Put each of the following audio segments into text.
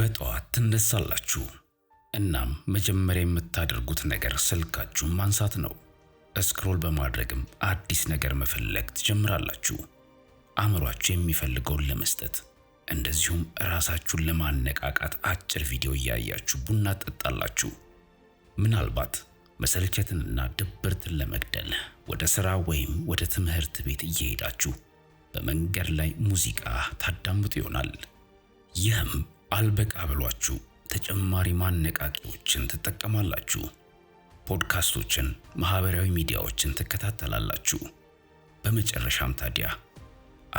በጠዋት ትነሳላችሁ። እናም መጀመሪያ የምታደርጉት ነገር ስልካችሁን ማንሳት ነው። ስክሮል በማድረግም አዲስ ነገር መፈለግ ትጀምራላችሁ፣ አእምሯችሁ የሚፈልገውን ለመስጠት። እንደዚሁም ራሳችሁን ለማነቃቃት አጭር ቪዲዮ እያያችሁ ቡና ጠጣላችሁ። ምናልባት መሰልቸትንና ድብርትን ለመግደል ወደ ሥራ ወይም ወደ ትምህርት ቤት እየሄዳችሁ በመንገድ ላይ ሙዚቃ ታዳምጡ ይሆናል። ይህም አልበቃ ብሏችሁ ተጨማሪ ማነቃቂዎችን ትጠቀማላችሁ። ፖድካስቶችን፣ ማህበራዊ ሚዲያዎችን ትከታተላላችሁ። በመጨረሻም ታዲያ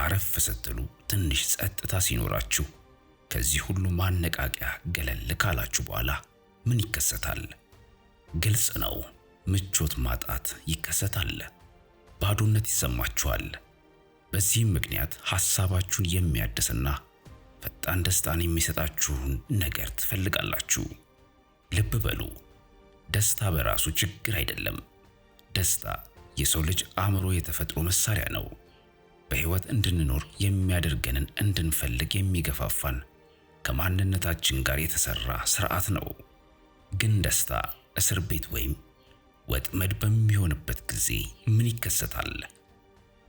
አረፍ ስትሉ ትንሽ ጸጥታ ሲኖራችሁ ከዚህ ሁሉ ማነቃቂያ ገለል ካላችሁ በኋላ ምን ይከሰታል? ግልጽ ነው፣ ምቾት ማጣት ይከሰታል። ባዶነት ይሰማችኋል። በዚህም ምክንያት ሐሳባችሁን የሚያድስና ፈጣን ደስታን የሚሰጣችሁን ነገር ትፈልጋላችሁ። ልብ በሉ፣ ደስታ በራሱ ችግር አይደለም። ደስታ የሰው ልጅ አእምሮ የተፈጥሮ መሳሪያ ነው። በህይወት እንድንኖር የሚያደርገንን እንድንፈልግ የሚገፋፋን ከማንነታችን ጋር የተሰራ ስርዓት ነው። ግን ደስታ እስር ቤት ወይም ወጥመድ በሚሆንበት ጊዜ ምን ይከሰታል?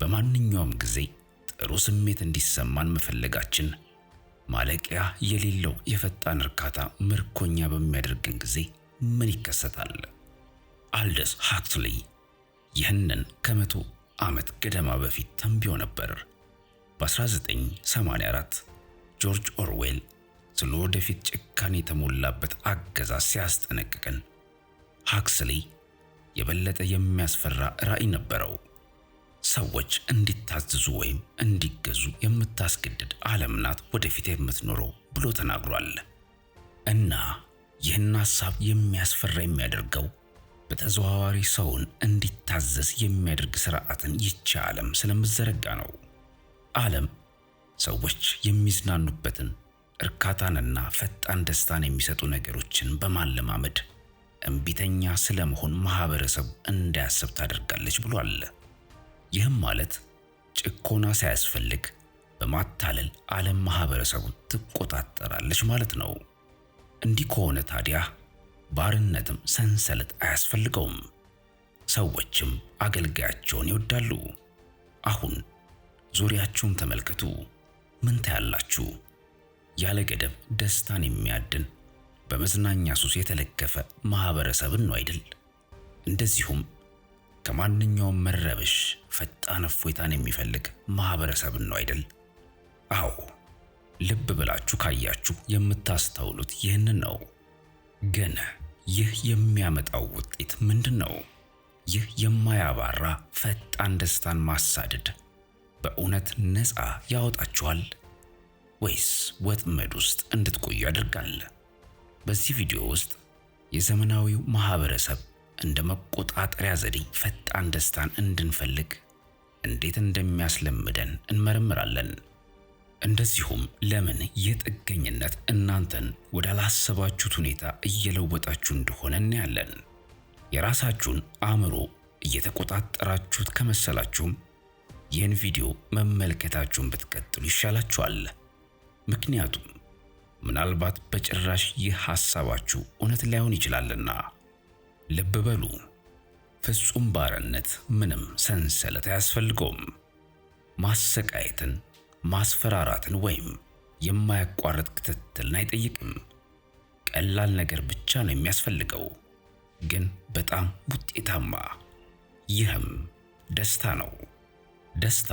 በማንኛውም ጊዜ ጥሩ ስሜት እንዲሰማን መፈለጋችን ማለቂያ የሌለው የፈጣን እርካታ ምርኮኛ በሚያደርገን ጊዜ ምን ይከሰታል? አልደስ ሃክስሊ ይህንን ከመቶ ዓመት ገደማ በፊት ተንብዮ ነበር። በ1984 ጆርጅ ኦርዌል ስለ ወደፊት ጭካኔ የተሞላበት አገዛዝ ሲያስጠነቅቀን ሃክስሊ የበለጠ የሚያስፈራ ራዕይ ነበረው። ሰዎች እንዲታዘዙ ወይም እንዲገዙ የምታስገድድ ዓለም ናት ወደፊት የምትኖረው ብሎ ተናግሯል። እና ይህን ሐሳብ የሚያስፈራ የሚያደርገው በተዘዋዋሪ ሰውን እንዲታዘዝ የሚያደርግ ስርዓትን ይቺ ዓለም ስለምዘረጋ ነው። ዓለም ሰዎች የሚዝናኑበትን እርካታንና ፈጣን ደስታን የሚሰጡ ነገሮችን በማለማመድ እምቢተኛ ስለመሆን ማህበረሰቡ እንዳያስብ ታደርጋለች ብሏል። ይህም ማለት ጭኮና ሳያስፈልግ በማታለል ዓለም ማህበረሰቡን ትቆጣጠራለች ማለት ነው። እንዲህ ከሆነ ታዲያ ባርነትም ሰንሰለት አያስፈልገውም። ሰዎችም አገልጋያቸውን ይወዳሉ። አሁን ዙሪያችሁን ተመልከቱ። ምን ታያላችሁ? ያለ ገደብ ደስታን የሚያድን በመዝናኛ ሱስ የተለከፈ ማህበረሰብን ነው አይደል? እንደዚሁም ከማንኛውም መረበሽ ፈጣን እፎይታን የሚፈልግ ማህበረሰብ ነው አይደል? አዎ፣ ልብ ብላችሁ ካያችሁ የምታስተውሉት ይህንን ነው። ግን ይህ የሚያመጣው ውጤት ምንድን ነው? ይህ የማያባራ ፈጣን ደስታን ማሳደድ በእውነት ነፃ ያወጣችኋል ወይስ ወጥመድ ውስጥ እንድትቆዩ ያደርጋል? በዚህ ቪዲዮ ውስጥ የዘመናዊው ማህበረሰብ እንደ መቆጣጠሪያ ዘዴ ፈጣን ደስታን እንድንፈልግ እንዴት እንደሚያስለምደን እንመረምራለን። እንደዚሁም ለምን የጥገኝነት እናንተን ወዳላሰባችሁት ሁኔታ እየለወጣችሁ እንደሆነ እናያለን። የራሳችሁን አእምሮ እየተቆጣጠራችሁት ከመሰላችሁም ይህን ቪዲዮ መመልከታችሁን ብትቀጥሉ ይሻላችኋል። ምክንያቱም ምናልባት በጭራሽ ይህ ሐሳባችሁ እውነት ላይሆን ይችላልና። ልብ በሉ፣ ፍጹም ባርነት ምንም ሰንሰለት አያስፈልገውም። ማሰቃየትን፣ ማስፈራራትን ወይም የማያቋርጥ ክትትልን አይጠይቅም። ቀላል ነገር ብቻ ነው የሚያስፈልገው፣ ግን በጣም ውጤታማ። ይህም ደስታ ነው። ደስታ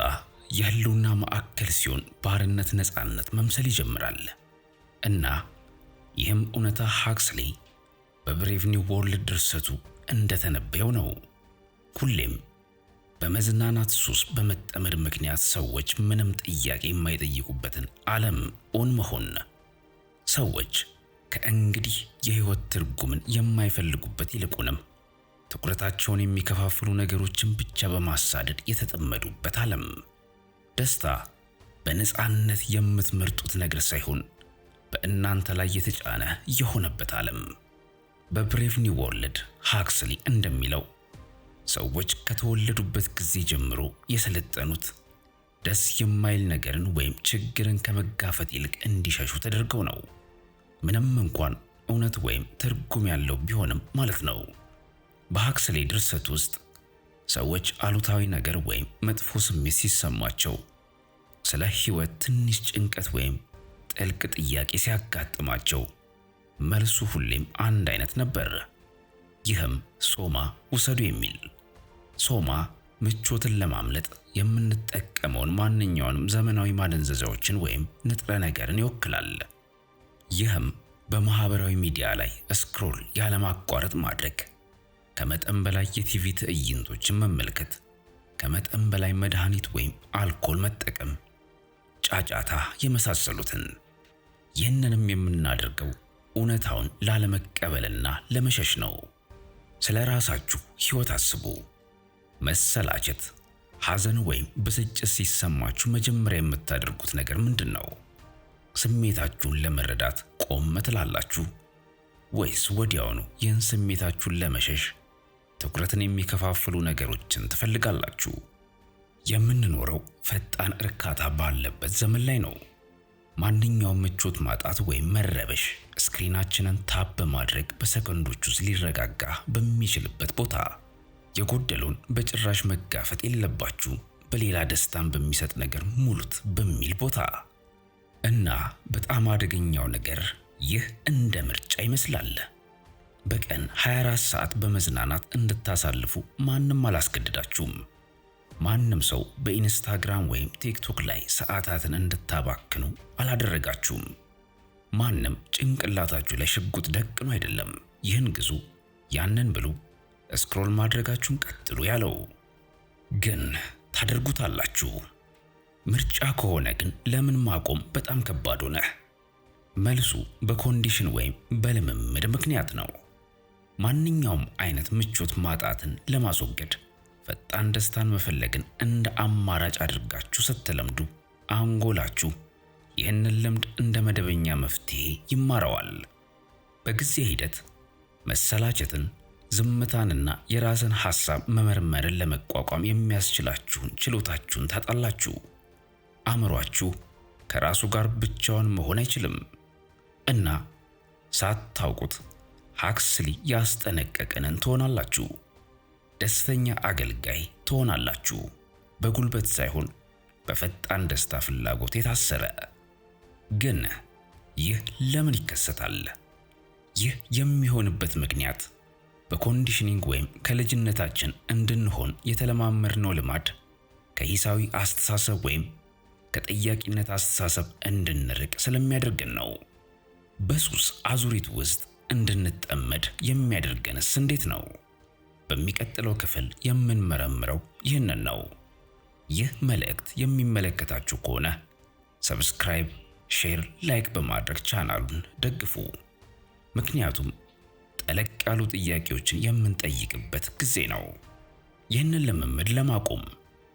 የህልውና ማዕከል ሲሆን ባርነት ነፃነት መምሰል ይጀምራል እና ይህም እውነታ ሃክስሊ በብሬቭ ኒው ወርልድ ድርሰቱ እንደተነበየው ነው። ሁሌም በመዝናናት ሱስ በመጠመድ ምክንያት ሰዎች ምንም ጥያቄ የማይጠይቁበትን ዓለም ኦን መሆን ሰዎች ከእንግዲህ የህይወት ትርጉምን የማይፈልጉበት ይልቁንም ትኩረታቸውን የሚከፋፍሉ ነገሮችን ብቻ በማሳደድ የተጠመዱበት ዓለም። ደስታ በነፃነት የምትመርጡት ነገር ሳይሆን በእናንተ ላይ የተጫነ የሆነበት ዓለም። በብሬቭ ኒው ወርልድ ሃክስሊ እንደሚለው ሰዎች ከተወለዱበት ጊዜ ጀምሮ የሰለጠኑት ደስ የማይል ነገርን ወይም ችግርን ከመጋፈጥ ይልቅ እንዲሸሹ ተደርገው ነው፣ ምንም እንኳን እውነት ወይም ትርጉም ያለው ቢሆንም ማለት ነው። በሃክስሊ ድርሰት ውስጥ ሰዎች አሉታዊ ነገር ወይም መጥፎ ስሜት ሲሰማቸው፣ ስለ ሕይወት ትንሽ ጭንቀት ወይም ጥልቅ ጥያቄ ሲያጋጥማቸው መልሱ ሁሌም አንድ አይነት ነበር። ይህም ሶማ ውሰዱ የሚል ሶማ ምቾትን ለማምለጥ የምንጠቀመውን ማንኛውንም ዘመናዊ ማደንዘዣዎችን ወይም ንጥረ ነገርን ይወክላል። ይህም በማህበራዊ ሚዲያ ላይ ስክሮል ያለማቋረጥ ማድረግ፣ ከመጠን በላይ የቲቪ ትዕይንቶችን መመልከት፣ ከመጠን በላይ መድኃኒት ወይም አልኮል መጠቀም፣ ጫጫታ የመሳሰሉትን። ይህንንም የምናደርገው እውነታውን ላለመቀበልና ለመሸሽ ነው። ስለ ራሳችሁ ሕይወት አስቡ። መሰላቸት፣ ሐዘን ወይም ብስጭት ሲሰማችሁ መጀመሪያ የምታደርጉት ነገር ምንድን ነው? ስሜታችሁን ለመረዳት ቆም ትላላችሁ ወይስ ወዲያውኑ ይህን ስሜታችሁን ለመሸሽ ትኩረትን የሚከፋፍሉ ነገሮችን ትፈልጋላችሁ? የምንኖረው ፈጣን እርካታ ባለበት ዘመን ላይ ነው። ማንኛውም ምቾት ማጣት ወይም መረበሽ ስክሪናችንን ታፕ በማድረግ በሰከንዶች ውስጥ ሊረጋጋ በሚችልበት ቦታ የጎደሉን በጭራሽ መጋፈጥ የለባችሁ በሌላ ደስታን በሚሰጥ ነገር ሙሉት በሚል ቦታ እና በጣም አደገኛው ነገር ይህ እንደ ምርጫ ይመስላል። በቀን 24 ሰዓት በመዝናናት እንድታሳልፉ ማንም አላስገድዳችሁም። ማንም ሰው በኢንስታግራም ወይም ቲክቶክ ላይ ሰዓታትን እንድታባክኑ አላደረጋችሁም። ማንም ጭንቅላታችሁ ላይ ሽጉጥ ደቅኖ አይደለም ይህን ግዙ፣ ያንን ብሉ፣ ስክሮል ማድረጋችሁን ቀጥሉ ያለው። ግን ታደርጉታላችሁ። ምርጫ ከሆነ ግን ለምን ማቆም በጣም ከባድ ሆነ? መልሱ በኮንዲሽን ወይም በልምምድ ምክንያት ነው። ማንኛውም አይነት ምቾት ማጣትን ለማስወገድ ፈጣን ደስታን መፈለግን እንደ አማራጭ አድርጋችሁ ስትለምዱ አንጎላችሁ ይህንን ልምድ እንደ መደበኛ መፍትሄ ይማረዋል። በጊዜ ሂደት መሰላቸትን፣ ዝምታንና የራስን ሐሳብ መመርመርን ለመቋቋም የሚያስችላችሁን ችሎታችሁን ታጣላችሁ። አእምሯችሁ ከራሱ ጋር ብቻውን መሆን አይችልም እና ሳታውቁት ሀክስሊ ያስጠነቀቀንን ትሆናላችሁ። ደስተኛ አገልጋይ ትሆናላችሁ። በጉልበት ሳይሆን በፈጣን ደስታ ፍላጎት የታሰረ ግን ይህ ለምን ይከሰታል? ይህ የሚሆንበት ምክንያት በኮንዲሽኒንግ ወይም ከልጅነታችን እንድንሆን የተለማመድነው ልማድ ከሂሳዊ አስተሳሰብ ወይም ከጠያቂነት አስተሳሰብ እንድንርቅ ስለሚያደርገን ነው። በሱስ አዙሪት ውስጥ እንድንጠመድ የሚያደርገንስ እንዴት ነው? በሚቀጥለው ክፍል የምንመረምረው ይህንን ነው። ይህ መልእክት የሚመለከታችሁ ከሆነ ሰብስክራይብ፣ ሼር፣ ላይክ በማድረግ ቻናሉን ደግፉ። ምክንያቱም ጠለቅ ያሉ ጥያቄዎችን የምንጠይቅበት ጊዜ ነው። ይህንን ልምምድ ለማቆም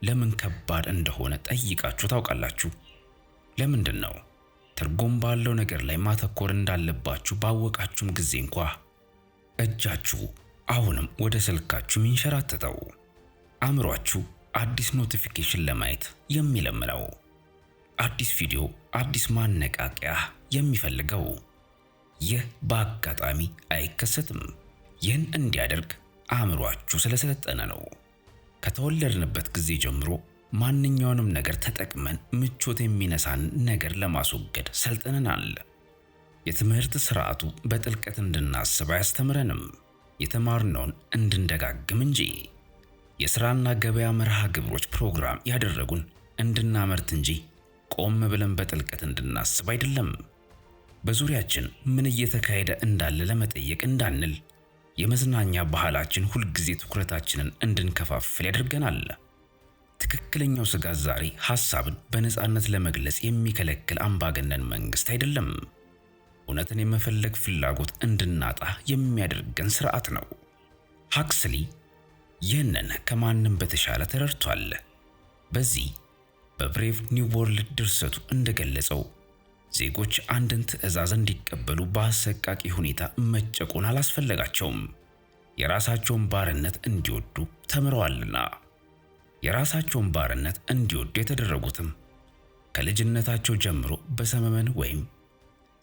ለምን ከባድ እንደሆነ ጠይቃችሁ ታውቃላችሁ? ለምንድን ነው ትርጉም ባለው ነገር ላይ ማተኮር እንዳለባችሁ ባወቃችሁም ጊዜ እንኳ እጃችሁ አሁንም ወደ ስልካችሁ የሚንሸራተተው አእምሯችሁ አዲስ ኖቲፊኬሽን ለማየት የሚለምለው አዲስ ቪዲዮ፣ አዲስ ማነቃቂያ የሚፈልገው ይህ በአጋጣሚ አይከሰትም። ይህን እንዲያደርግ አእምሯችሁ ስለሰለጠነ ነው። ከተወለድንበት ጊዜ ጀምሮ ማንኛውንም ነገር ተጠቅመን ምቾት የሚነሳን ነገር ለማስወገድ ሰልጥነናል። የትምህርት ስርዓቱ በጥልቀት እንድናስብ አያስተምረንም። የተማርነውን እንድንደጋግም እንጂ የስራና ገበያ መርሃ ግብሮች ፕሮግራም ያደረጉን እንድናመርት እንጂ ቆም ብለን በጥልቀት እንድናስብ አይደለም። በዙሪያችን ምን እየተካሄደ እንዳለ ለመጠየቅ እንዳንል የመዝናኛ ባህላችን ሁልጊዜ ትኩረታችንን እንድንከፋፍል ያደርገናል። ትክክለኛው ስጋት ዛሬ ሐሳብን በነፃነት ለመግለጽ የሚከለክል አምባገነን መንግስት አይደለም። እውነትን የመፈለግ ፍላጎት እንድናጣ የሚያደርገን ስርዓት ነው። ሃክስሊ ይህንን ከማንም በተሻለ ተረድቷል። በዚህ በብሬቭ ኒው ወርልድ ድርሰቱ እንደገለጸው ዜጎች አንድን ትዕዛዝ እንዲቀበሉ በአሰቃቂ ሁኔታ መጨቆን አላስፈለጋቸውም። የራሳቸውን ባርነት እንዲወዱ ተምረዋልና የራሳቸውን ባርነት እንዲወዱ የተደረጉትም ከልጅነታቸው ጀምሮ በሰመመን ወይም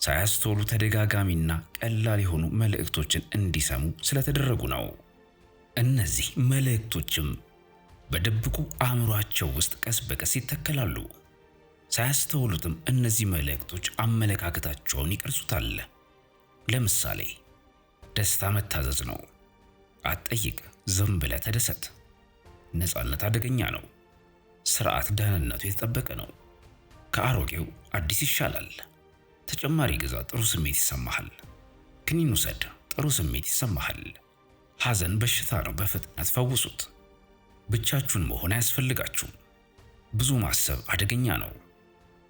ሳያስተውሉ ተደጋጋሚና ቀላል የሆኑ መልእክቶችን እንዲሰሙ ስለተደረጉ ነው። እነዚህ መልእክቶችም በድብቁ አእምሯቸው ውስጥ ቀስ በቀስ ይተከላሉ። ሳያስተውሉትም እነዚህ መልእክቶች አመለካከታቸውን ይቀርጹታል። ለምሳሌ ደስታ መታዘዝ ነው። አትጠይቅ፣ ዝም ብለህ ተደሰት። ነፃነት አደገኛ ነው። ስርዓት ደህንነቱ የተጠበቀ ነው። ከአሮጌው አዲስ ይሻላል። ተጨማሪ ግዛ፣ ጥሩ ስሜት ይሰማሃል። ክኒን ውሰድ፣ ጥሩ ስሜት ይሰማሃል። ሐዘን በሽታ ነው፣ በፍጥነት ፈውሱት። ብቻችሁን መሆን አያስፈልጋችሁም። ብዙ ማሰብ አደገኛ ነው።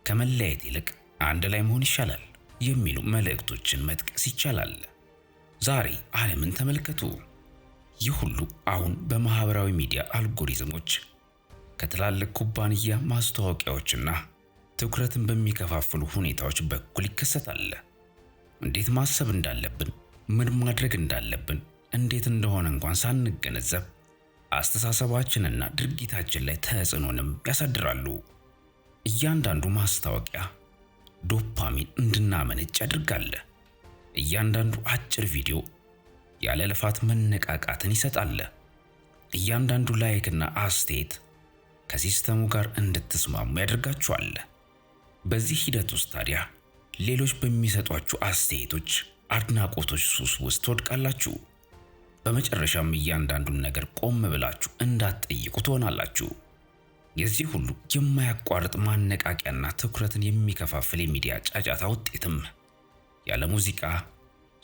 ከመለያየት ይልቅ አንድ ላይ መሆን ይሻላል የሚሉ መልእክቶችን መጥቀስ ይቻላል። ዛሬ ዓለምን ተመልከቱ። ይህ ሁሉ አሁን በማህበራዊ ሚዲያ አልጎሪዝሞች ከትላልቅ ኩባንያ ማስታወቂያዎችና ትኩረትን በሚከፋፍሉ ሁኔታዎች በኩል ይከሰታል። እንዴት ማሰብ እንዳለብን፣ ምን ማድረግ እንዳለብን፣ እንዴት እንደሆነ እንኳን ሳንገነዘብ አስተሳሰባችንና ድርጊታችን ላይ ተጽዕኖንም ያሳድራሉ። እያንዳንዱ ማስታወቂያ ዶፓሚን እንድናመነጭ ያደርጋል። እያንዳንዱ አጭር ቪዲዮ ያለ ልፋት መነቃቃትን ይሰጣል። እያንዳንዱ ላይክና አስተያየት ከሲስተሙ ጋር እንድትስማሙ ያደርጋችኋል። በዚህ ሂደት ውስጥ ታዲያ ሌሎች በሚሰጧችሁ አስተያየቶች፣ አድናቆቶች ሱስ ውስጥ ትወድቃላችሁ። በመጨረሻም እያንዳንዱን ነገር ቆም ብላችሁ እንዳትጠይቁ ትሆናላችሁ። የዚህ ሁሉ የማያቋርጥ ማነቃቂያና ትኩረትን የሚከፋፍል የሚዲያ ጫጫታ ውጤትም ያለ ሙዚቃ፣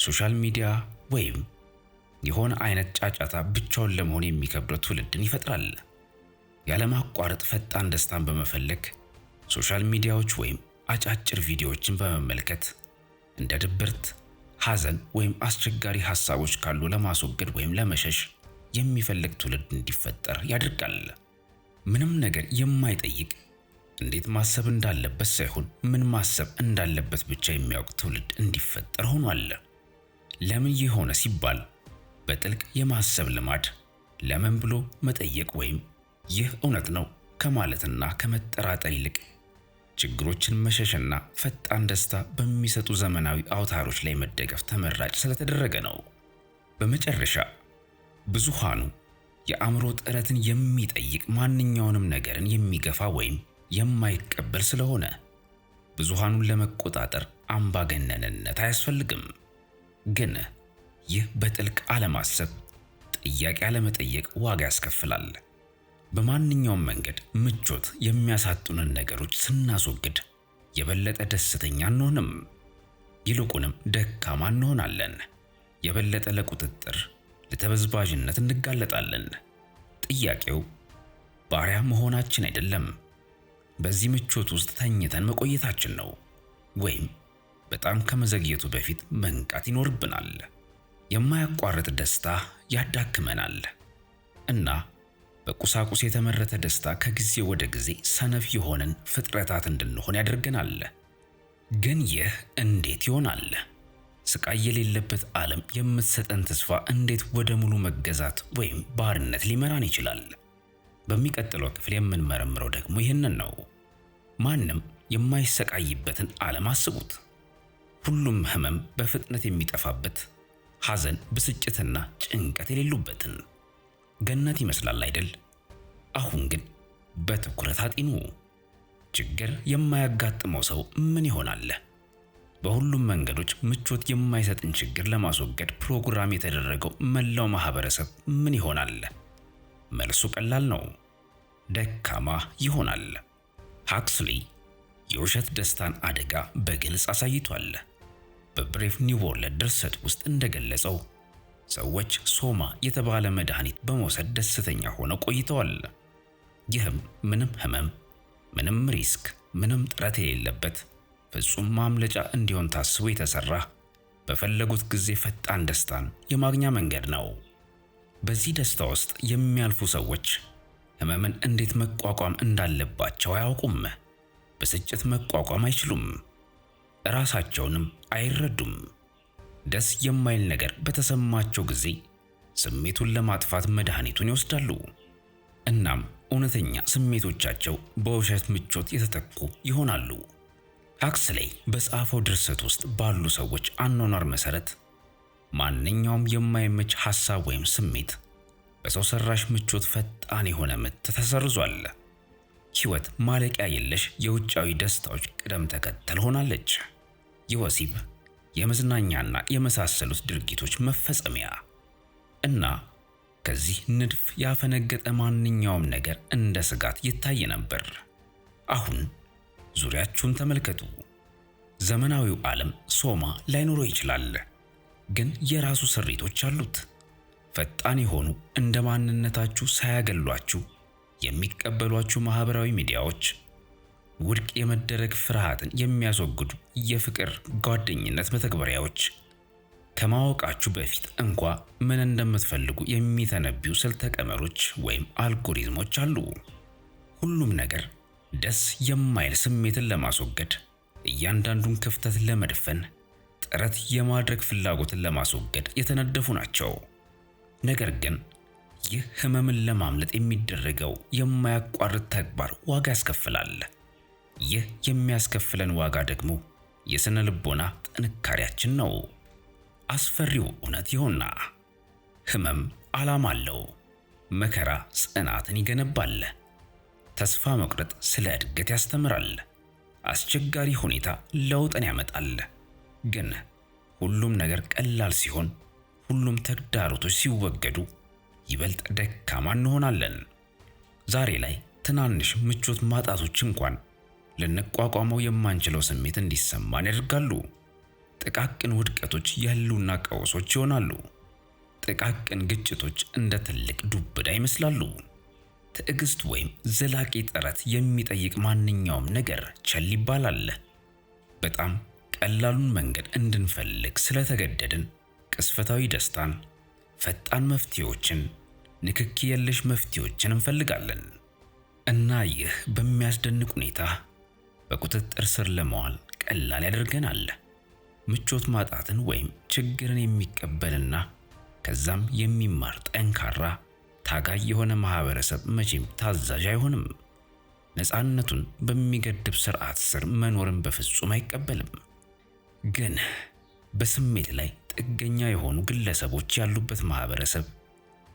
ሶሻል ሚዲያ ወይም የሆነ አይነት ጫጫታ ብቻውን ለመሆን የሚከብደው ትውልድን ይፈጥራል። ያለማቋረጥ ፈጣን ደስታን በመፈለግ ሶሻል ሚዲያዎች ወይም አጫጭር ቪዲዮዎችን በመመልከት እንደ ድብርት፣ ሐዘን ወይም አስቸጋሪ ሐሳቦች ካሉ ለማስወገድ ወይም ለመሸሽ የሚፈልግ ትውልድ እንዲፈጠር ያደርጋል። ምንም ነገር የማይጠይቅ እንዴት ማሰብ እንዳለበት ሳይሆን ምን ማሰብ እንዳለበት ብቻ የሚያውቅ ትውልድ እንዲፈጠር ሆኗል። ለምን የሆነ ሲባል በጥልቅ የማሰብ ልማድ፣ ለምን ብሎ መጠየቅ ወይም ይህ እውነት ነው ከማለትና ከመጠራጠር ይልቅ ችግሮችን መሸሽና ፈጣን ደስታ በሚሰጡ ዘመናዊ አውታሮች ላይ መደገፍ ተመራጭ ስለተደረገ ነው። በመጨረሻ ብዙሃኑ የአእምሮ ጥረትን የሚጠይቅ ማንኛውንም ነገርን የሚገፋ ወይም የማይቀበል ስለሆነ ብዙሃኑን ለመቆጣጠር አምባገነንነት አያስፈልግም። ግን ይህ በጥልቅ አለማሰብ፣ ጥያቄ አለመጠየቅ ዋጋ ያስከፍላል። በማንኛውም መንገድ ምቾት የሚያሳጡንን ነገሮች ስናስወግድ የበለጠ ደስተኛ አንሆንም፣ ይልቁንም ደካማ እንሆናለን። የበለጠ ለቁጥጥር ለተበዝባዥነት እንጋለጣለን። ጥያቄው ባሪያ መሆናችን አይደለም፣ በዚህ ምቾት ውስጥ ተኝተን መቆየታችን ነው። ወይም በጣም ከመዘግየቱ በፊት መንቃት ይኖርብናል። የማያቋርጥ ደስታ ያዳክመናል እና በቁሳቁስ የተመረተ ደስታ ከጊዜ ወደ ጊዜ ሰነፍ የሆነን ፍጥረታት እንድንሆን ያደርገናል። ግን ይህ እንዴት ይሆናል? ስቃይ የሌለበት ዓለም የምትሰጠን ተስፋ እንዴት ወደ ሙሉ መገዛት ወይም ባርነት ሊመራን ይችላል? በሚቀጥለው ክፍል የምንመረምረው ደግሞ ይህንን ነው። ማንም የማይሰቃይበትን ዓለም አስቡት። ሁሉም ህመም በፍጥነት የሚጠፋበት፣ ሐዘን፣ ብስጭትና ጭንቀት የሌሉበትን ገነት ይመስላል አይደል? አሁን ግን በትኩረት አጢኑ። ችግር የማያጋጥመው ሰው ምን ይሆናል? በሁሉም መንገዶች ምቾት የማይሰጥን ችግር ለማስወገድ ፕሮግራም የተደረገው መላው ማህበረሰብ ምን ይሆናል? መልሱ ቀላል ነው። ደካማ ይሆናል። ሃክስሊ የውሸት ደስታን አደጋ በግልጽ አሳይቷል። በብሬፍ ኒው ወርልድ ድርሰት ውስጥ እንደገለጸው ሰዎች ሶማ የተባለ መድኃኒት በመውሰድ ደስተኛ ሆነው ቆይተዋል። ይህም ምንም ህመም፣ ምንም ሪስክ፣ ምንም ጥረት የሌለበት ፍጹም ማምለጫ እንዲሆን ታስቦ የተሰራ በፈለጉት ጊዜ ፈጣን ደስታን የማግኛ መንገድ ነው። በዚህ ደስታ ውስጥ የሚያልፉ ሰዎች ህመምን እንዴት መቋቋም እንዳለባቸው አያውቁም። ብስጭት መቋቋም አይችሉም። ራሳቸውንም አይረዱም። ደስ የማይል ነገር በተሰማቸው ጊዜ ስሜቱን ለማጥፋት መድኃኒቱን ይወስዳሉ። እናም እውነተኛ ስሜቶቻቸው በውሸት ምቾት የተተኩ ይሆናሉ። ሃክስሌይ በጻፈው ድርሰት ውስጥ ባሉ ሰዎች አኗኗር መሰረት ማንኛውም የማይመች ሐሳብ ወይም ስሜት በሰው ሰራሽ ምቾት ፈጣን የሆነ ምት ተሰርዟል። ሕይወት ማለቂያ የለሽ የውጫዊ ደስታዎች ቅደም ተከተል ሆናለች። የወሲብ የመዝናኛና የመሳሰሉት ድርጊቶች መፈጸሚያ እና ከዚህ ንድፍ ያፈነገጠ ማንኛውም ነገር እንደ ስጋት ይታይ ነበር። አሁን ዙሪያችሁን ተመልከቱ። ዘመናዊው ዓለም ሶማ ላይኖረው ይችላል፣ ግን የራሱ ስሪቶች አሉት። ፈጣን የሆኑ እንደ ማንነታችሁ ሳያገሏችሁ የሚቀበሏችሁ ማህበራዊ ሚዲያዎች ውድቅ የመደረግ ፍርሃትን የሚያስወግዱ የፍቅር ጓደኝነት መተግበሪያዎች ከማወቃችሁ በፊት እንኳ ምን እንደምትፈልጉ የሚተነብዩ ስልተ ቀመሮች ወይም አልጎሪዝሞች አሉ። ሁሉም ነገር ደስ የማይል ስሜትን ለማስወገድ፣ እያንዳንዱን ክፍተት ለመድፈን፣ ጥረት የማድረግ ፍላጎትን ለማስወገድ የተነደፉ ናቸው። ነገር ግን ይህ ህመምን ለማምለጥ የሚደረገው የማያቋርጥ ተግባር ዋጋ ያስከፍላል። ይህ የሚያስከፍለን ዋጋ ደግሞ የሥነ ልቦና ጥንካሬያችን ነው። አስፈሪው እውነት ይሆና ህመም ዓላማ አለው። መከራ ጽናትን ይገነባል። ተስፋ መቁረጥ ስለ እድገት ያስተምራል። አስቸጋሪ ሁኔታ ለውጥን ያመጣል። ግን ሁሉም ነገር ቀላል ሲሆን፣ ሁሉም ተግዳሮቶች ሲወገዱ ይበልጥ ደካማ እንሆናለን። ዛሬ ላይ ትናንሽ ምቾት ማጣቶች እንኳን ልንቋቋመው የማንችለው ስሜት እንዲሰማን ያደርጋሉ። ጥቃቅን ውድቀቶች የህልውና ቀውሶች ይሆናሉ። ጥቃቅን ግጭቶች እንደ ትልቅ ዱብዳ ይመስላሉ። ትዕግስት ወይም ዘላቂ ጥረት የሚጠይቅ ማንኛውም ነገር ቸል ይባላል። በጣም ቀላሉን መንገድ እንድንፈልግ ስለተገደድን ቅስፈታዊ ደስታን፣ ፈጣን መፍትሄዎችን፣ ንክኪ የለሽ መፍትሄዎችን እንፈልጋለን እና ይህ በሚያስደንቅ ሁኔታ በቁጥጥር ስር ለመዋል ቀላል ያደርገናል። ምቾት ማጣትን ወይም ችግርን የሚቀበልና ከዛም የሚማር ጠንካራ ታጋይ የሆነ ማህበረሰብ መቼም ታዛዥ አይሆንም። ነፃነቱን በሚገድብ ስርዓት ስር መኖርን በፍጹም አይቀበልም። ግን በስሜት ላይ ጥገኛ የሆኑ ግለሰቦች ያሉበት ማህበረሰብ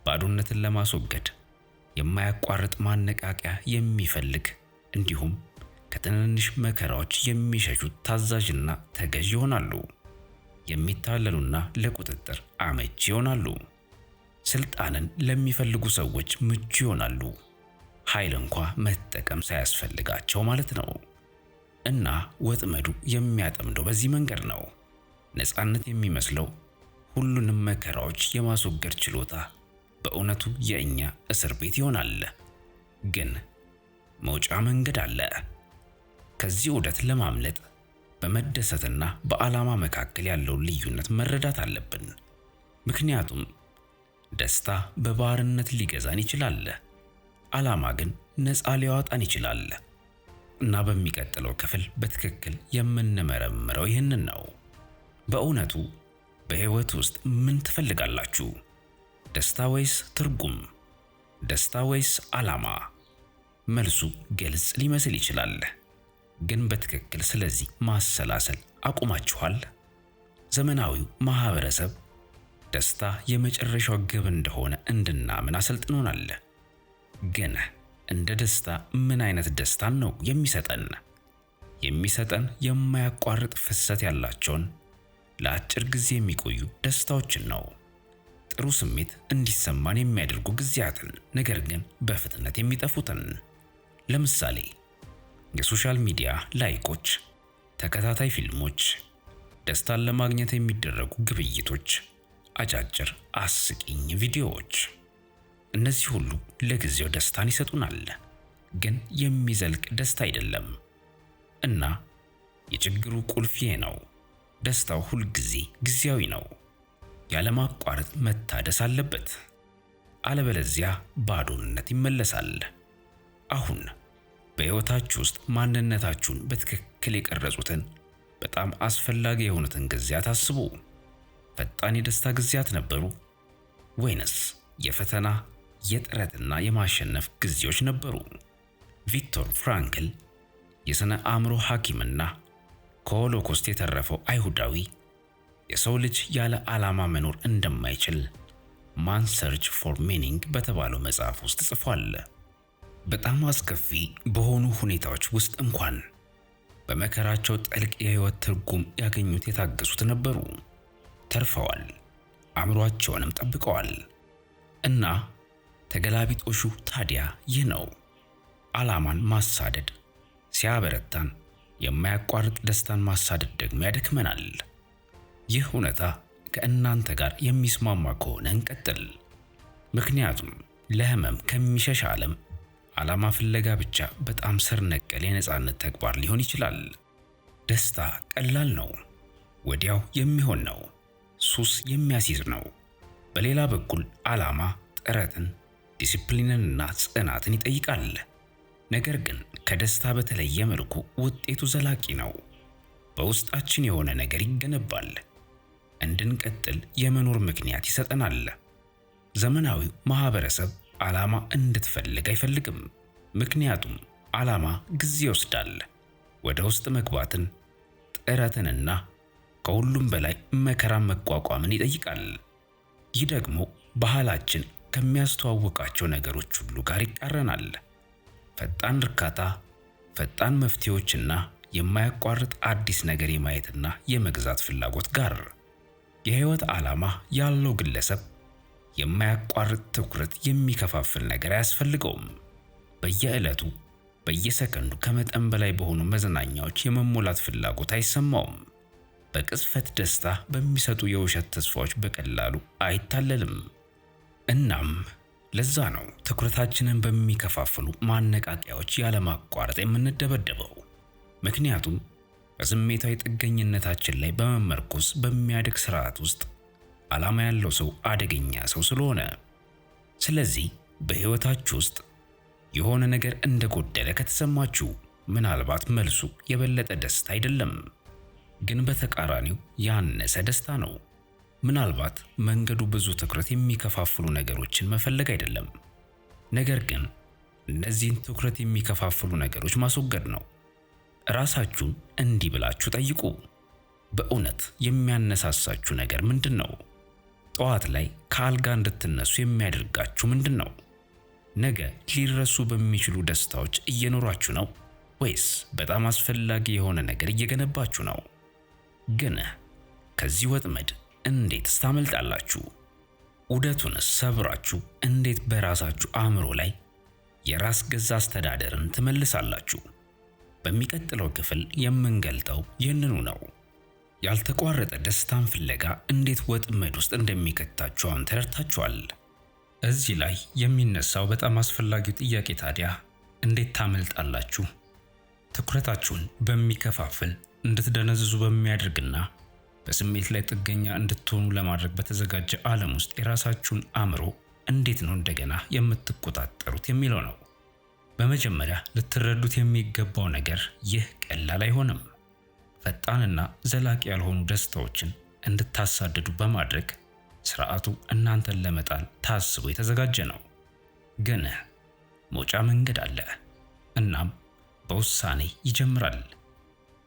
ባዶነትን ለማስወገድ የማያቋርጥ ማነቃቂያ የሚፈልግ እንዲሁም ከትንንሽ መከራዎች የሚሸሹት ታዛዥና ተገዥ ይሆናሉ። የሚታለሉና ለቁጥጥር አመቺ ይሆናሉ። ስልጣንን ለሚፈልጉ ሰዎች ምቹ ይሆናሉ። ኃይል እንኳ መጠቀም ሳያስፈልጋቸው ማለት ነው። እና ወጥመዱ የሚያጠምደው በዚህ መንገድ ነው። ነፃነት የሚመስለው ሁሉንም መከራዎች የማስወገድ ችሎታ በእውነቱ የእኛ እስር ቤት ይሆናል። ግን መውጫ መንገድ አለ። ከዚህ ውደት ለማምለጥ በመደሰትና በዓላማ መካከል ያለውን ልዩነት መረዳት አለብን። ምክንያቱም ደስታ በባርነት ሊገዛን ይችላል፣ ዓላማ ግን ነፃ ሊያወጣን ይችላል። እና በሚቀጥለው ክፍል በትክክል የምንመረምረው ይህንን ነው። በእውነቱ በሕይወት ውስጥ ምን ትፈልጋላችሁ? ደስታ ወይስ ትርጉም? ደስታ ወይስ ዓላማ? መልሱ ግልጽ ሊመስል ይችላል። ግን በትክክል ስለዚህ ማሰላሰል አቁማችኋል? ዘመናዊው ማህበረሰብ ደስታ የመጨረሻው ግብ እንደሆነ እንድናምን አሰልጥኖናል። ግን እንደ ደስታ ምን አይነት ደስታን ነው የሚሰጠን? የሚሰጠን የማያቋርጥ ፍሰት ያላቸውን ለአጭር ጊዜ የሚቆዩ ደስታዎችን ነው። ጥሩ ስሜት እንዲሰማን የሚያደርጉ ጊዜያትን፣ ነገር ግን በፍጥነት የሚጠፉትን ለምሳሌ የሶሻል ሚዲያ ላይኮች፣ ተከታታይ ፊልሞች፣ ደስታን ለማግኘት የሚደረጉ ግብይቶች፣ አጫጭር አስቂኝ ቪዲዮዎች፣ እነዚህ ሁሉ ለጊዜው ደስታን ይሰጡናል፣ ግን የሚዘልቅ ደስታ አይደለም እና የችግሩ ቁልፍ ይሄ ነው። ደስታው ሁልጊዜ ጊዜያዊ ነው። ያለማቋረጥ መታደስ አለበት፣ አለበለዚያ ባዶነት ይመለሳል። አሁን በሕይወታችሁ ውስጥ ማንነታችሁን በትክክል የቀረጹትን በጣም አስፈላጊ የሆኑትን ጊዜያት አስቡ። ፈጣን የደስታ ጊዜያት ነበሩ ወይንስ የፈተና የጥረትና የማሸነፍ ጊዜዎች ነበሩ? ቪክቶር ፍራንክል የሥነ አእምሮ ሐኪምና ከሆሎኮስት የተረፈው አይሁዳዊ የሰው ልጅ ያለ ዓላማ መኖር እንደማይችል ማን ሰርች ፎር ሚኒንግ በተባለው መጽሐፍ ውስጥ ጽፏል። በጣም አስከፊ በሆኑ ሁኔታዎች ውስጥ እንኳን በመከራቸው ጥልቅ የህይወት ትርጉም ያገኙት የታገሱት ነበሩ። ተርፈዋል፣ አእምሯቸውንም ጠብቀዋል። እና ተገላቢጦሹ ታዲያ ይህ ነው። ዓላማን ማሳደድ ሲያበረታን፣ የማያቋርጥ ደስታን ማሳደድ ደግሞ ያደክመናል። ይህ እውነታ ከእናንተ ጋር የሚስማማ ከሆነ እንቀጥል። ምክንያቱም ለህመም ከሚሸሽ ዓለም ዓላማ ፍለጋ ብቻ በጣም ስር ነቀል የነፃነት ተግባር ሊሆን ይችላል። ደስታ ቀላል ነው፣ ወዲያው የሚሆን ነው፣ ሱስ የሚያስይዝ ነው። በሌላ በኩል ዓላማ ጥረትን፣ ዲሲፕሊንንና ጽናትን ይጠይቃል። ነገር ግን ከደስታ በተለየ መልኩ ውጤቱ ዘላቂ ነው። በውስጣችን የሆነ ነገር ይገነባል፣ እንድንቀጥል የመኖር ምክንያት ይሰጠናል። ዘመናዊው ማህበረሰብ ዓላማ እንድትፈልግ አይፈልግም። ምክንያቱም ዓላማ ጊዜ ይወስዳል፣ ወደ ውስጥ መግባትን፣ ጥረትንና ከሁሉም በላይ መከራን መቋቋምን ይጠይቃል። ይህ ደግሞ ባህላችን ከሚያስተዋውቃቸው ነገሮች ሁሉ ጋር ይቃረናል። ፈጣን እርካታ፣ ፈጣን መፍትሄዎችና የማያቋርጥ አዲስ ነገር የማየትና የመግዛት ፍላጎት ጋር የህይወት ዓላማ ያለው ግለሰብ የማያቋርጥ ትኩረት የሚከፋፍል ነገር አያስፈልገውም። በየዕለቱ በየሰከንዱ ከመጠን በላይ በሆኑ መዝናኛዎች የመሞላት ፍላጎት አይሰማውም። በቅጽበት ደስታ በሚሰጡ የውሸት ተስፋዎች በቀላሉ አይታለልም። እናም ለዛ ነው ትኩረታችንን በሚከፋፍሉ ማነቃቂያዎች ያለማቋረጥ የምንደበደበው። ምክንያቱም በስሜታዊ ጥገኝነታችን ላይ በመመርኮስ በሚያድግ ስርዓት ውስጥ ዓላማ ያለው ሰው አደገኛ ሰው ስለሆነ። ስለዚህ በህይወታችሁ ውስጥ የሆነ ነገር እንደጎደለ ከተሰማችሁ ምናልባት መልሱ የበለጠ ደስታ አይደለም፣ ግን በተቃራኒው ያነሰ ደስታ ነው። ምናልባት መንገዱ ብዙ ትኩረት የሚከፋፍሉ ነገሮችን መፈለግ አይደለም፣ ነገር ግን እነዚህን ትኩረት የሚከፋፍሉ ነገሮች ማስወገድ ነው። ራሳችሁን እንዲህ ብላችሁ ጠይቁ፣ በእውነት የሚያነሳሳችሁ ነገር ምንድን ነው? ጠዋት ላይ ከአልጋ እንድትነሱ የሚያደርጋችሁ ምንድን ነው? ነገ ሊረሱ በሚችሉ ደስታዎች እየኖራችሁ ነው ወይስ በጣም አስፈላጊ የሆነ ነገር እየገነባችሁ ነው? ግን ከዚህ ወጥመድ እንዴትስ ታመልጣላችሁ? ዑደቱንስ ሰብራችሁ እንዴት በራሳችሁ አእምሮ ላይ የራስ ገዛ አስተዳደርን ትመልሳላችሁ? በሚቀጥለው ክፍል የምንገልጠው ይህንኑ ነው። ያልተቋረጠ ደስታን ፍለጋ እንዴት ወጥመድ ውስጥ እንደሚከታችሁ አሁን ተረድታችኋል። እዚህ ላይ የሚነሳው በጣም አስፈላጊው ጥያቄ ታዲያ እንዴት ታመልጣላችሁ? ትኩረታችሁን በሚከፋፍል እንድትደነዝዙ በሚያደርግና በስሜት ላይ ጥገኛ እንድትሆኑ ለማድረግ በተዘጋጀ ዓለም ውስጥ የራሳችሁን አእምሮ እንዴት ነው እንደገና የምትቆጣጠሩት የሚለው ነው። በመጀመሪያ ልትረዱት የሚገባው ነገር ይህ ቀላል አይሆንም። ፈጣንና ዘላቂ ያልሆኑ ደስታዎችን እንድታሳድዱ በማድረግ ስርዓቱ እናንተን ለመጣል ታስቦ የተዘጋጀ ነው። ግን መውጫ መንገድ አለ። እናም በውሳኔ ይጀምራል።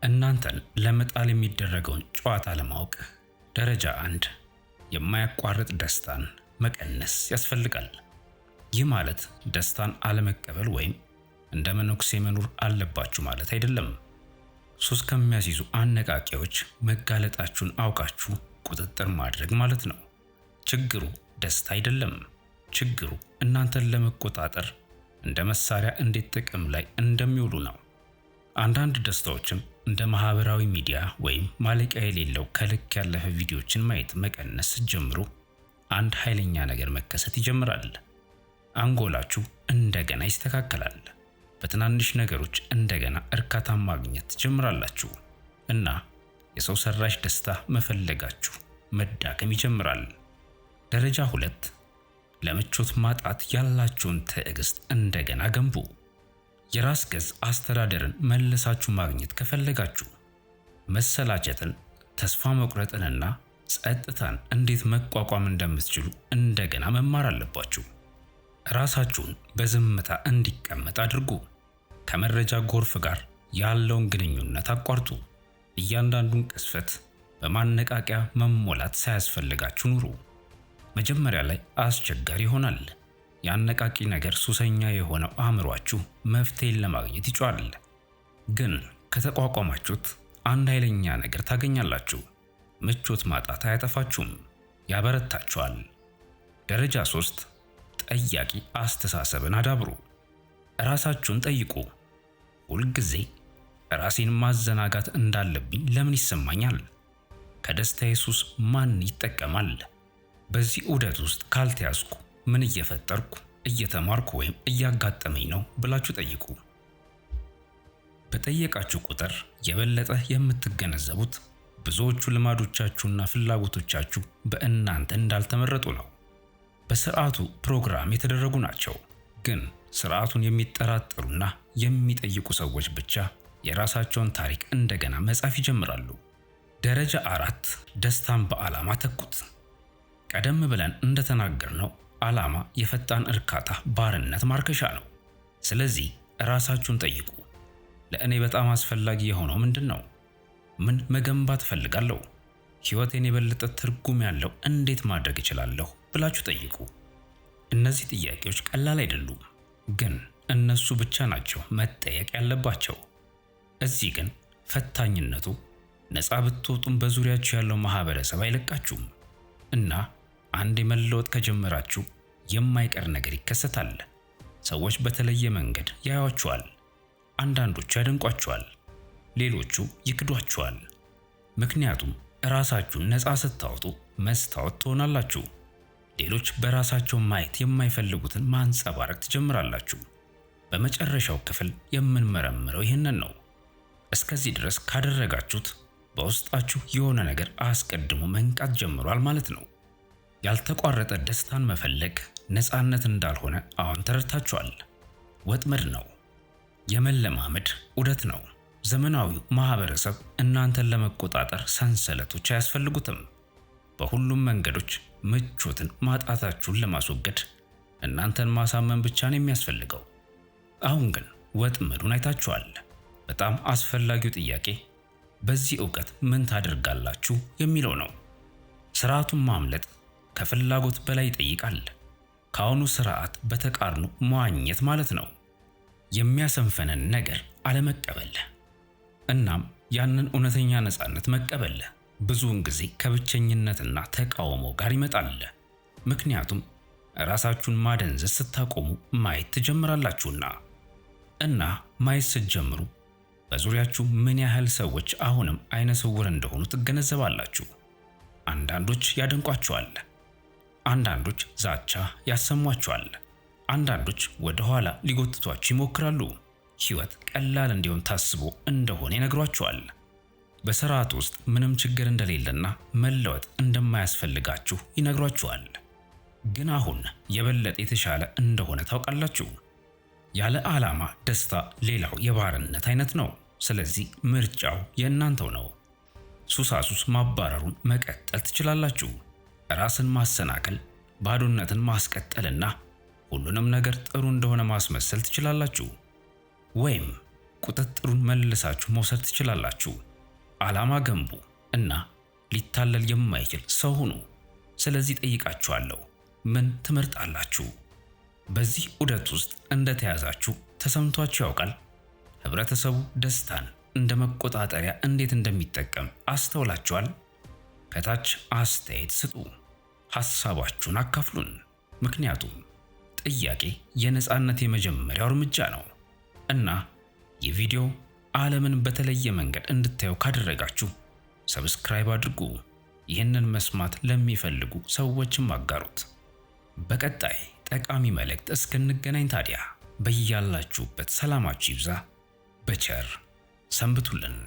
እናንተን ለመጣል የሚደረገውን ጨዋታ ለማወቅ ደረጃ አንድ የማያቋርጥ ደስታን መቀነስ ያስፈልጋል። ይህ ማለት ደስታን አለመቀበል ወይም እንደ መነኩሴ መኖር አለባችሁ ማለት አይደለም። ሱስ ከሚያስይዙ አነቃቂዎች መጋለጣችሁን አውቃችሁ ቁጥጥር ማድረግ ማለት ነው። ችግሩ ደስታ አይደለም። ችግሩ እናንተን ለመቆጣጠር እንደ መሳሪያ እንዴት ጥቅም ላይ እንደሚውሉ ነው። አንዳንድ ደስታዎችም እንደ ማህበራዊ ሚዲያ ወይም ማለቂያ የሌለው ከልክ ያለፈ ቪዲዮዎችን ማየት መቀነስ ጀምሩ፣ አንድ ኃይለኛ ነገር መከሰት ይጀምራል። አንጎላችሁ እንደገና ይስተካከላል። በትናንሽ ነገሮች እንደገና እርካታ ማግኘት ትጀምራላችሁ እና የሰው ሰራሽ ደስታ መፈለጋችሁ መዳከም ይጀምራል። ደረጃ ሁለት ለምቾት ማጣት ያላችሁን ትዕግስት እንደገና ገንቡ። የራስ ገዝ አስተዳደርን መልሳችሁ ማግኘት ከፈለጋችሁ መሰላቸትን፣ ተስፋ መቁረጥንና ጸጥታን እንዴት መቋቋም እንደምትችሉ እንደገና መማር አለባችሁ። ራሳችሁን በዝምታ እንዲቀመጥ አድርጉ። ከመረጃ ጎርፍ ጋር ያለውን ግንኙነት አቋርጡ። እያንዳንዱን ቅስፈት በማነቃቂያ መሞላት ሳያስፈልጋችሁ ኑሩ። መጀመሪያ ላይ አስቸጋሪ ይሆናል። የአነቃቂ ነገር ሱሰኛ የሆነው አእምሯችሁ መፍትሄን ለማግኘት ይጮሃል። ግን ከተቋቋማችሁት አንድ ኃይለኛ ነገር ታገኛላችሁ። ምቾት ማጣት አያጠፋችሁም፣ ያበረታችኋል። ደረጃ ሶስት ጠያቂ አስተሳሰብን አዳብሩ። ራሳችሁን ጠይቁ። ሁልጊዜ ራሴን ማዘናጋት እንዳለብኝ ለምን ይሰማኛል? ከደስታ ኢየሱስ ማን ይጠቀማል? በዚህ ዑደት ውስጥ ካልተያዝኩ ምን እየፈጠርኩ እየተማርኩ ወይም እያጋጠመኝ ነው ብላችሁ ጠይቁ። በጠየቃችሁ ቁጥር የበለጠ የምትገነዘቡት ብዙዎቹ ልማዶቻችሁና ፍላጎቶቻችሁ በእናንተ እንዳልተመረጡ ነው። በስርዓቱ ፕሮግራም የተደረጉ ናቸው። ግን ስርዓቱን የሚጠራጠሩና የሚጠይቁ ሰዎች ብቻ የራሳቸውን ታሪክ እንደገና መጻፍ ይጀምራሉ። ደረጃ አራት ደስታን በዓላማ ተኩት። ቀደም ብለን እንደተናገርነው ዓላማ የፈጣን እርካታ ባርነት ማርከሻ ነው። ስለዚህ ራሳችሁን ጠይቁ፣ ለእኔ በጣም አስፈላጊ የሆነው ምንድን ነው? ምን መገንባት እፈልጋለሁ? ሕይወቴን የበለጠ ትርጉም ያለው እንዴት ማድረግ እችላለሁ? ብላችሁ ጠይቁ። እነዚህ ጥያቄዎች ቀላል አይደሉም፣ ግን እነሱ ብቻ ናቸው መጠየቅ ያለባቸው። እዚህ ግን ፈታኝነቱ ነፃ ብትወጡም በዙሪያችሁ ያለው ማህበረሰብ አይለቃችሁም እና አንድ የመለወጥ ከጀመራችሁ የማይቀር ነገር ይከሰታል። ሰዎች በተለየ መንገድ ያዩአችኋል። አንዳንዶቹ ያደንቋችኋል፣ ሌሎቹ ይክዷችኋል። ምክንያቱም ራሳችሁን ነፃ ስታወጡ መስታወት ትሆናላችሁ። ሌሎች በራሳቸው ማየት የማይፈልጉትን ማንጸባረቅ ትጀምራላችሁ። በመጨረሻው ክፍል የምንመረምረው ይህንን ነው። እስከዚህ ድረስ ካደረጋችሁት በውስጣችሁ የሆነ ነገር አስቀድሞ መንቃት ጀምሯል ማለት ነው። ያልተቋረጠ ደስታን መፈለግ ነፃነት እንዳልሆነ አሁን ተረድታችኋል። ወጥመድ ነው። የመለማመድ ዑደት ነው። ዘመናዊው ማህበረሰብ እናንተን ለመቆጣጠር ሰንሰለቶች አያስፈልጉትም። በሁሉም መንገዶች ምቾትን ማጣታችሁን ለማስወገድ እናንተን ማሳመን ብቻ ነው የሚያስፈልገው። አሁን ግን ወጥመዱን አይታችኋል። በጣም አስፈላጊው ጥያቄ በዚህ እውቀት ምን ታደርጋላችሁ የሚለው ነው። ስርዓቱን ማምለጥ ከፍላጎት በላይ ይጠይቃል። ከአሁኑ ስርዓት በተቃርኖ መዋኘት ማለት ነው። የሚያሰንፈንን ነገር አለመቀበል፣ እናም ያንን እውነተኛ ነፃነት መቀበል ብዙውን ጊዜ ከብቸኝነትና ተቃውሞ ጋር ይመጣል። ምክንያቱም ራሳችሁን ማደንዘዝ ስታቆሙ ማየት ትጀምራላችሁና። እና ማየት ስትጀምሩ በዙሪያችሁ ምን ያህል ሰዎች አሁንም አይነ ስውር እንደሆኑ ትገነዘባላችሁ። አንዳንዶች ያደንቋችኋል፣ አንዳንዶች ዛቻ ያሰሟችኋል፣ አንዳንዶች ወደ ኋላ ሊጎትቷችሁ ይሞክራሉ። ሕይወት ቀላል እንዲሆን ታስቦ እንደሆነ ይነግሯችኋል። በስርዓት ውስጥ ምንም ችግር እንደሌለና መለወጥ እንደማያስፈልጋችሁ ይነግሯችኋል። ግን አሁን የበለጠ የተሻለ እንደሆነ ታውቃላችሁ። ያለ ዓላማ ደስታ ሌላው የባርነት አይነት ነው። ስለዚህ ምርጫው የእናንተው ነው። ሱሳሱስ ማባረሩን መቀጠል ትችላላችሁ። ራስን ማሰናከል፣ ባዶነትን ማስቀጠልና ሁሉንም ነገር ጥሩ እንደሆነ ማስመሰል ትችላላችሁ። ወይም ቁጥጥሩን መልሳችሁ መውሰድ ትችላላችሁ። ዓላማ ገንቡ እና ሊታለል የማይችል ሰው ሁኑ። ስለዚህ ጠይቃችኋለሁ፣ ምን ትመርጣላችሁ? በዚህ ዑደት ውስጥ እንደተያዛችሁ ተሰምቷችሁ ያውቃል? ህብረተሰቡ ደስታን እንደ መቆጣጠሪያ እንዴት እንደሚጠቀም አስተውላችኋል? ከታች አስተያየት ስጡ፣ ሐሳባችሁን አካፍሉን። ምክንያቱም ጥያቄ የነፃነት የመጀመሪያው እርምጃ ነው እና የቪዲዮ ዓለምን በተለየ መንገድ እንድታዩ ካደረጋችሁ ሰብስክራይብ አድርጉ። ይህንን መስማት ለሚፈልጉ ሰዎችም አጋሩት። በቀጣይ ጠቃሚ መልእክት እስክንገናኝ ታዲያ በያላችሁበት ሰላማችሁ ይብዛ። በቸር ሰንብቱልን።